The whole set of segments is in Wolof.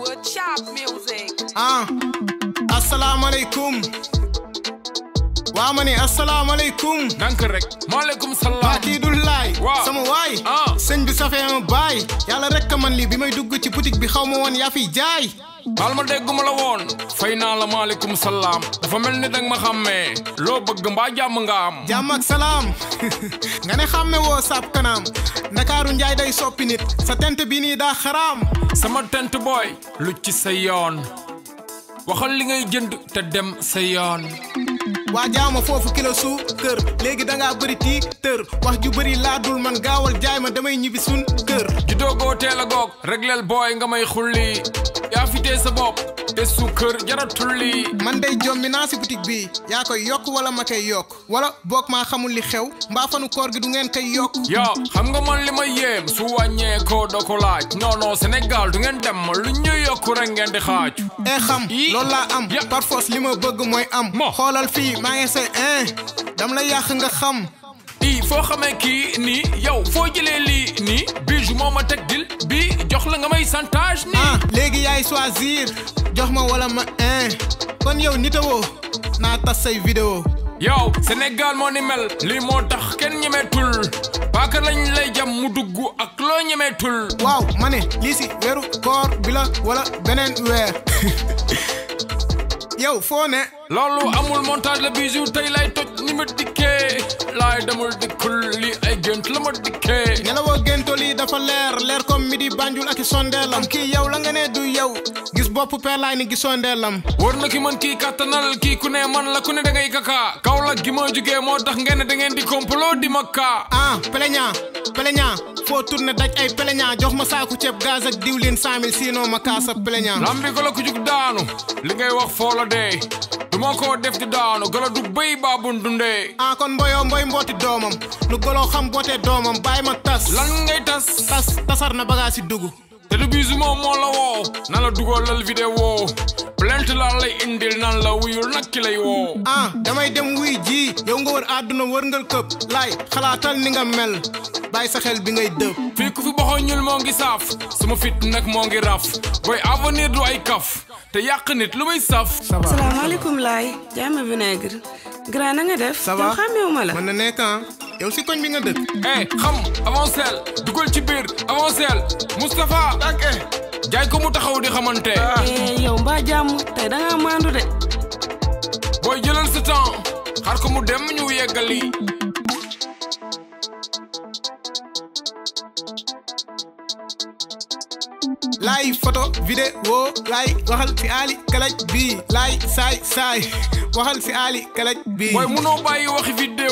Woodshop music. ah asalaamaaleykum. waa ma ne asalaamaaleykum. dank rek. maaleykum salaam. Fati Dulaay. waaw sama waay. ah sëñ ça fait un bail yàlla rek a man lii bi may dugg ci boutique bi xaw ma woon yaa fiy jaay. baal ma dégguma la woon fay naa la maaleykum salaam dafa mel ni danga ma xàmmee loo bëgg mbaa jàmm nga am jàmm ak salaam nga ne xàmme woo saab kanaam ndakaaru njaay day soppi nit sa tent bii nii daa xaraam sama tent booy lu ci sa yoon waxal li ngay jënd te dem sa yoon waa jaama foofu kilo suu kër léegi dangaa bëri tii tër wax ju bëri laa man gaawal jaay ma damay ñibbi sun kër juddoo goo teel a goog regleel booy nga may xulli yaa fi tee sa bopp te suukar jaratul lii man day jommi naa si boutique bi yaa koy yokk wala ma yokk wala boog maa xamul li xew mbaa fanu koor gi du ngeen koy yokk yow xam nga man li ma yéem su wàññee ko doo ko laaj non non du ngeen dem lu ñu yokk rek ngeen di xaaju e eh, xam loolu laa am par force li ma bëgg mooy am xoolal fii maa say un eh, dam la yàq nga xam i foo xamee kii nii yow foo jëlee lii nii bii ju moo ma teg dil bii jox la nga may chantage nii ah, léegi yaay choisir jox ma wala ma un eh. kon yow nitawoo naa tas say vidéo yow senegal moo ni mel lii moo tax kenn ñemeetul paaka lañ lay jam mu dugg ak loo ñemeetul waaw ma ne lii si weeru koor bi la beneen weer yow foo ne. loolu amul montage la bijou tey lay toj ni ma dikkee laay demul dikkul lii ay gént la ma dikkee. nelawoo génto lii dafa leer leer comme midi banjul ak i sondeelam kii yow la nga ne du yow gis bopp peelaay ni gi sondeelam. war na ki man kii kattanal kii ku ne man la ku ne da ngay kakaa kaw la gi ma jugee moo tax ngeen da ngeen di complot di ma kaa. ah plaignant plaignant. foo tourné daj ay plaignant jox ma saaku ceeb gaz ak diwlin cent mille sinon ma kaasa plaignant lambi golo ku jug daanu li ngay wax foo la dee du ma koo def di daanu golo du béy baabun dundee ah kon mboyoo mboy mbooti doomam lu goloo xam bootee doomam bàyyi ma tas lan tas tasar na bagage si te du bisu moom moo woo na la dugalal vidéo sant laa lay indil naan la wuyul nag ki lay woo. ah damay dem wuy ji yow nga wër àdduna wërngal këpp laay xalaatal ni nga mel bàyyi sa xel bi ngay dëb. fii ku fi boxoñul moo saaf sama fit nag moo ngi raf booy avenir du ay kaf te yàq nit lu muy saf. ça va salaamaaleykum jaay ma vinaigre. grand nga def. ça ma la yow si koñ bi nga dëkk. eh xam avancel dugal ci biir avancel Moustapha. ak jaay ko mu taxaw di xamante. Ah. Eh, yow mbaa jàmm tey da maandu de. booy jëlal sa temps xar ko mu dem ñu yeggali. laay photo vidéo laay waxal si Ali Kalaj bii laay saay saay waxal si Ali Kalaj bii. booy munoo bàyyi waxi vidéo.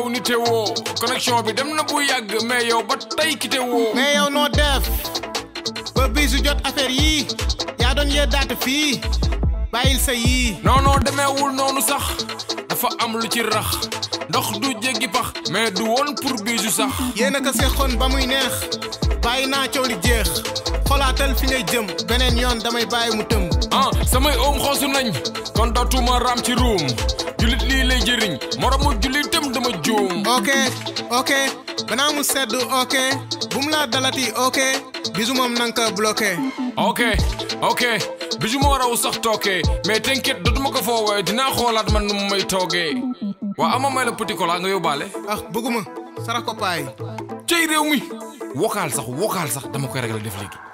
yow nite woo bi dem na bu yàgg mais yow ba tey kite woo mais yow noo def ba jot affaire yii yaa doon yee daata fii bàyyil sa yii non non demeewul noonu sax dafa am lu ci rax ndox du jéggi pax mais du woon pour bisu sax yéen a ko ba muy neex bàyyi naa coow li jeex xolaatal fi ngay jëm beneen yoon damay bàyyi mu tëm ah samay oom xoosu nañ kon dootuma raam ci ruum jullit lii lay jëriñ moromu jullitam dama juum ok ok banaa mu sedd ok bu mu laa dalati ok bisu moom nanga ko bloqué ok ok bisu sax tooke mais t'inquiète dootuma ko foowee dinaa xoolaat man nu may toogee waa ama may la petit nga yóbbaale ah bëgguma sara réew mi vocal sax vocal sax dama koy réglé def léegi.